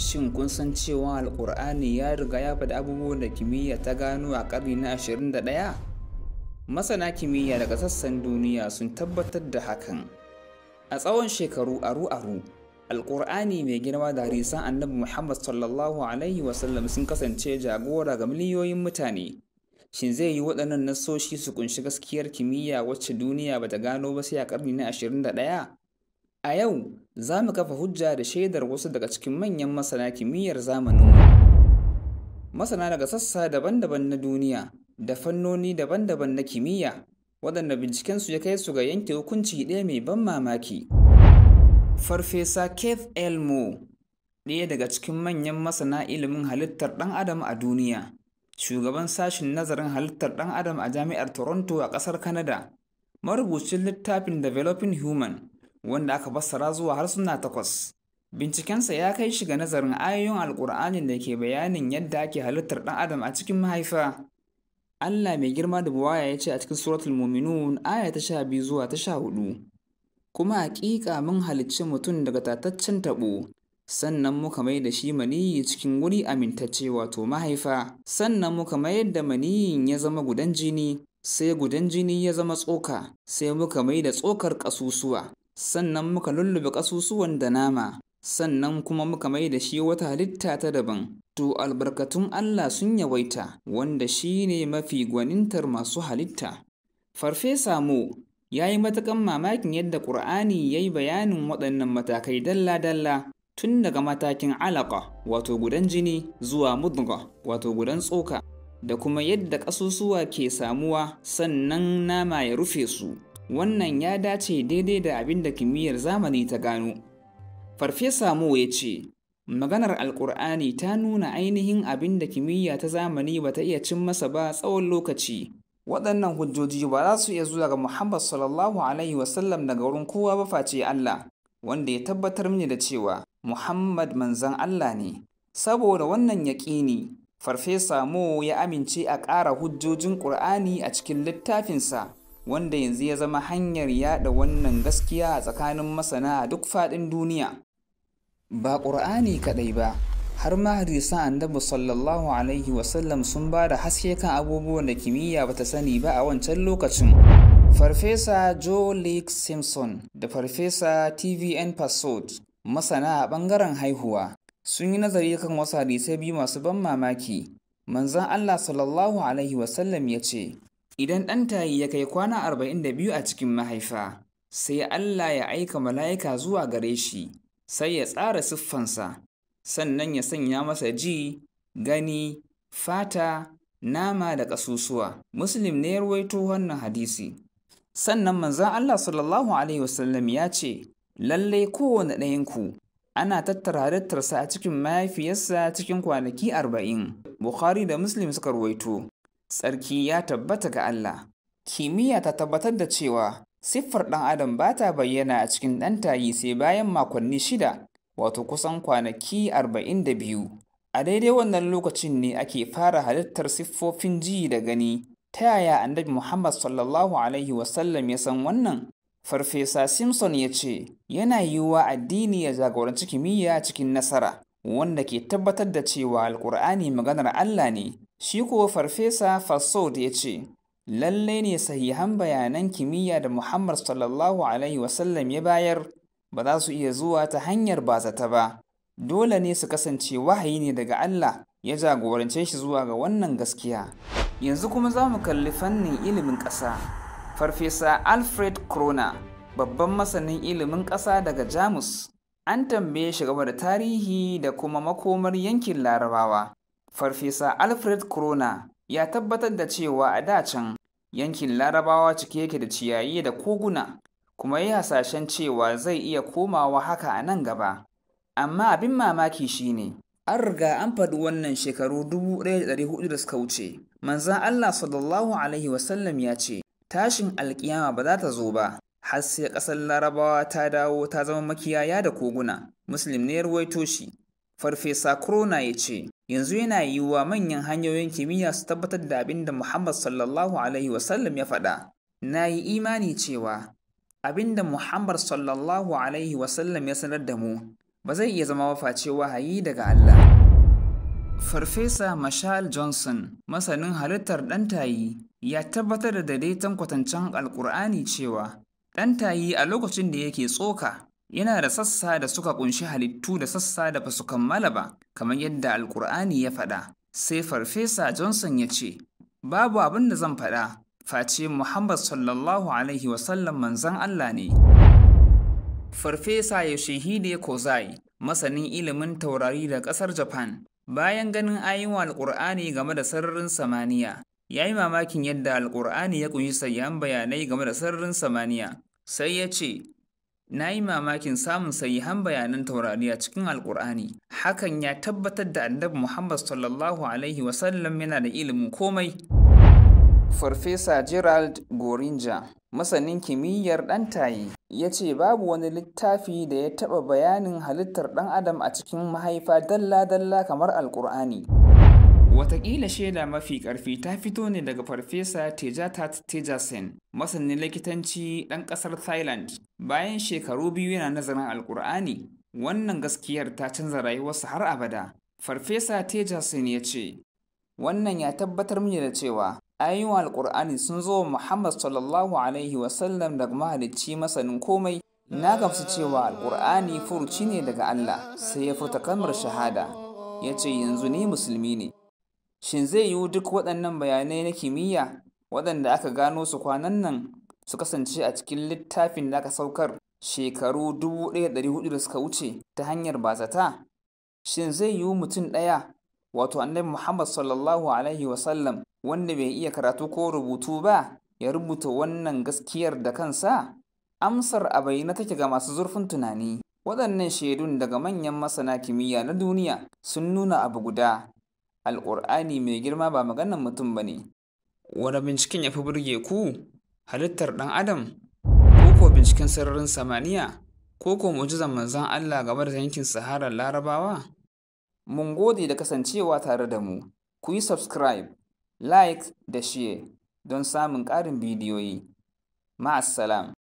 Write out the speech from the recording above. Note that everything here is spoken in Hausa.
shin kun san cewa alkur'ani ya riga ya faɗi abubuwan da kimiyya ta gano a ƙarni na 21 masana kimiyya daga sassan duniya sun tabbatar da hakan a tsawon shekaru aru-aru alkur'ani mai girma da harisan annabi muhammad sallallahu alaihi wasallam sun kasance jagora ga miliyoyin mutane shin zai yi waɗannan nasoshi su kunshi gaskiyar kimiyya wacce duniya ba ta gano ba sai a ƙarni na 21 A yau za mu kafa hujja da shaidar wasu daga cikin manyan masana kimiyyar zamanin masana daga sassa daban-daban na duniya da fannoni daban-daban na kimiyya waɗanda bincikensu ya kai su ga yanke hukunci ɗaya mai ban mamaki. Farfesa Keith Elmo ɗaya daga cikin manyan masana ilimin halittar ɗan adam a duniya shugaban sashin nazarin halittar ɗan adam a jami'ar Toronto a ƙasar Canada marubucin littafin Developing Human wanda aka fassara zuwa harsuna takwas. Bincikensa ya kai shi ga nazarin ayoyin Alƙur'anin da ke bayanin yadda ake halittar ɗan Adam a cikin mahaifa. Allah mai girma da buwaya ya ce a cikin suratul Muminun aya ta sha biyu zuwa ta sha hudu. Kuma haƙiƙa mun halicci mutum daga tataccen taɓo, sannan muka mai da shi maniyi cikin wuri amintacce wato mahaifa, sannan muka mayar da maniyin ya zama gudan jini, sai gudan jini ya zama tsoka, sai muka mai da tsokar ƙasusuwa, sannan muka lullube ƙasusuwan da nama sannan kuma muka mai da shi wata halitta ta daban to albarkatun Allah sun yawaita wanda shi ne mafi gwanintar masu halitta farfesa mo ya yi matakan mamakin yadda ƙur'ani ya yi bayanin waɗannan matakai dalla-dalla tun daga matakin alaƙa wato gudan jini zuwa mudga wato gudan tsoka da kuma yadda ƙasusuwa ke samuwa sannan nama ya rufe su wannan ya dace daidai da abin da kimiyyar zamani ta gano farfesa mo ya ce maganar alkur'ani ta nuna ainihin abin da kimiyya ta zamani ba ta iya cin masa ba tsawon lokaci waɗannan hujjoji ba za su iya zuwa ga muhammad sallallahu alaihi wasallam daga wurin kowa ba face allah wanda ya tabbatar mini da cewa muhammad manzan allah ne saboda wannan yaƙini farfesa mo ya amince a ƙara hujjojin ƙur'ani a cikin littafinsa wanda yanzu ya zama hanyar yada wannan gaskiya a tsakanin masana a duk faɗin duniya ba ƙur'ani kaɗai ba har ma hadisan annabi sallallahu alaihi wasallam sun ba da haske kan abubuwan da kimiyya bata sani ba a wancan lokacin farfesa joe lake simpson da farfesa tvn passot masana a ɓangaren haihuwa sun yi nazari kan wasu hadisai biyu masu ban mamaki manzon allah sallallahu alaihi wasallam ya ce idan ɗan tayi ya kai kwana arba'in da biyu a cikin mahaifa sai Allah ya aika mala'ika zuwa gare shi sai ya tsara siffansa sannan ya sanya masa ji gani fata nama da ƙasusuwa muslim ne ya ruwaito wannan hadisi sannan manzan Allah sallallahu alaihi wasallam ya ce lallai kowane ɗayanku ana tattara halittarsa a cikin mahaifiyarsa cikin kwanaki arba'in bukhari da muslim suka ruwaito Tsarki ya tabbata ga Allah. Kimiyya ta tabbatar da cewa siffar ɗan adam ba ta bayyana a cikin ɗan tayi sai bayan makonni shida, wato kusan kwanaki arba'in da biyu. A daidai wannan lokacin ne ake fara halittar siffofin ji da gani. Ta yaya annabi Muhammad sallallahu Alaihi wasallam ya san wannan? Farfesa Simpson ya ce, yana yiwuwa addini ya jagoranci kimiyya cikin nasara, wanda ke tabbatar da cewa Alƙur'ani maganar Allah ne, Shi kuwa Farfesa Fasold ya ce, lallai ne sahihan bayanan kimiyya da Muhammad sallallahu Alaihi wasallam ya bayar ba za su iya zuwa ta hanyar bazata ba, dole ne su kasance wahayi ne daga Allah ya jagorance shi zuwa ga wannan gaskiya. Yanzu kuma za mu kalli fannin ilimin ƙasa. Farfesa Alfred Krona, babban masanin ilimin ƙasa daga Jamus, an tambaye shi gaba da tarihi da kuma makomar yankin Larabawa. Farfesa Alfred Corona ya tabbatar da cewa a dacin yankin Larabawa cike yake da ciyayi da koguna, kuma yi hasashen cewa zai iya komawa haka a nan gaba. Amma abin mamaki shine, an riga an faɗi wannan shekaru dubu ɗaya da da suka wuce. Manzan Allah sallallahu Alaihi wasallam ya ce, Tashin alƙiyama ba za ta zo ba, har sai ƙasar Larabawa ta dawo ta zama makiyaya da koguna. Muslim ne ya ruwaito shi. Farfesa Krona ya ce, yanzu yana yiwuwa manyan hanyoyin kimiyya su tabbatar da abin da Muhammad sallallahu Alaihi wasallam ya faɗa. Na yi imani cewa abin da Muhammad sallallahu Alaihi wasallam ya sanar da mu ba zai iya zama mafacewa hayi daga Allah. Farfesa Mashal Johnson, masanin halittar ɗantayi, ya tabbatar da daidaiton kwatancen Alƙur'ani cewa ɗantayi a lokacin da yake tsoka yana da sassa da suka kunshi halittu da sassa da ba su kammala ba kamar yadda alkur'ani ya faɗa sai farfesa johnson ya ce babu abin da zan faɗa face muhammad sallallahu alaihi wasallam manzan allah ne farfesa yoshihide kozai masanin ilimin taurari da ƙasar japan bayan ganin ayin alkur'ani game da sararin samaniya ya yi mamakin yadda alkur'ani ya ƙunshi sayan bayanai game da sararin samaniya sai ya ce na yi mamakin samun sahihan bayanan taurari a cikin alkur'ani hakan ya tabbatar da annabi muhammad sallallahu alaihi wasallam yana da ilimin komai farfesa gerald gorinja masanin kimiyyar ɗan ɗantaye ya ce babu wani littafi da ya taɓa bayanin halittar ɗan adam a cikin mahaifa dalla-dalla kamar alkur'ani Wataƙila shaida mafi ƙarfi ta fito ne daga Farfesa Tejatat Tejasen, masanin likitanci ɗan ƙasar Thailand. Bayan shekaru biyu yana nazarin Alƙur'ani, wannan gaskiyar ta canza rayuwarsa har abada. Farfesa Tejasen ya ce, Wannan ya tabbatar mini da cewa ayoyin Alƙur'ani sun zo wa Muhammad sallallahu alaihi wasallam daga mahalicci masanin komai na gamsu cewa Alƙur'ani furuci ne daga Allah sai ya fita kalmar shahada. ya ce yanzu ni musulmi ne Shin zai yiwu duk waɗannan bayanai na kimiyya waɗanda aka gano su kwanan nan su kasance a cikin littafin da aka saukar shekaru 1400 da suka wuce ta hanyar bazata? Shin zai yiwu mutum ɗaya, wato Annabi Muhammad sallallahu Alaihi wasallam wanda bai iya karatu ko rubutu ba, ya rubuta wannan gaskiyar da kansa? Amsar a bayyana take ga masu zurfin tunani. Waɗannan shaidun daga manyan masana kimiyya na duniya sun nuna abu guda. alƙur'ani mai girma ba maganar mutum ba ne wani binciken ya fi burge ku halittar ɗan adam ko ko binciken sararin samaniya ko ko mu'jizan manzon Allah gaba da yankin Sahara Larabawa mun gode da kasancewa tare da mu ku yi subscribe like da share don samun ƙarin bidiyoyi ma'assalam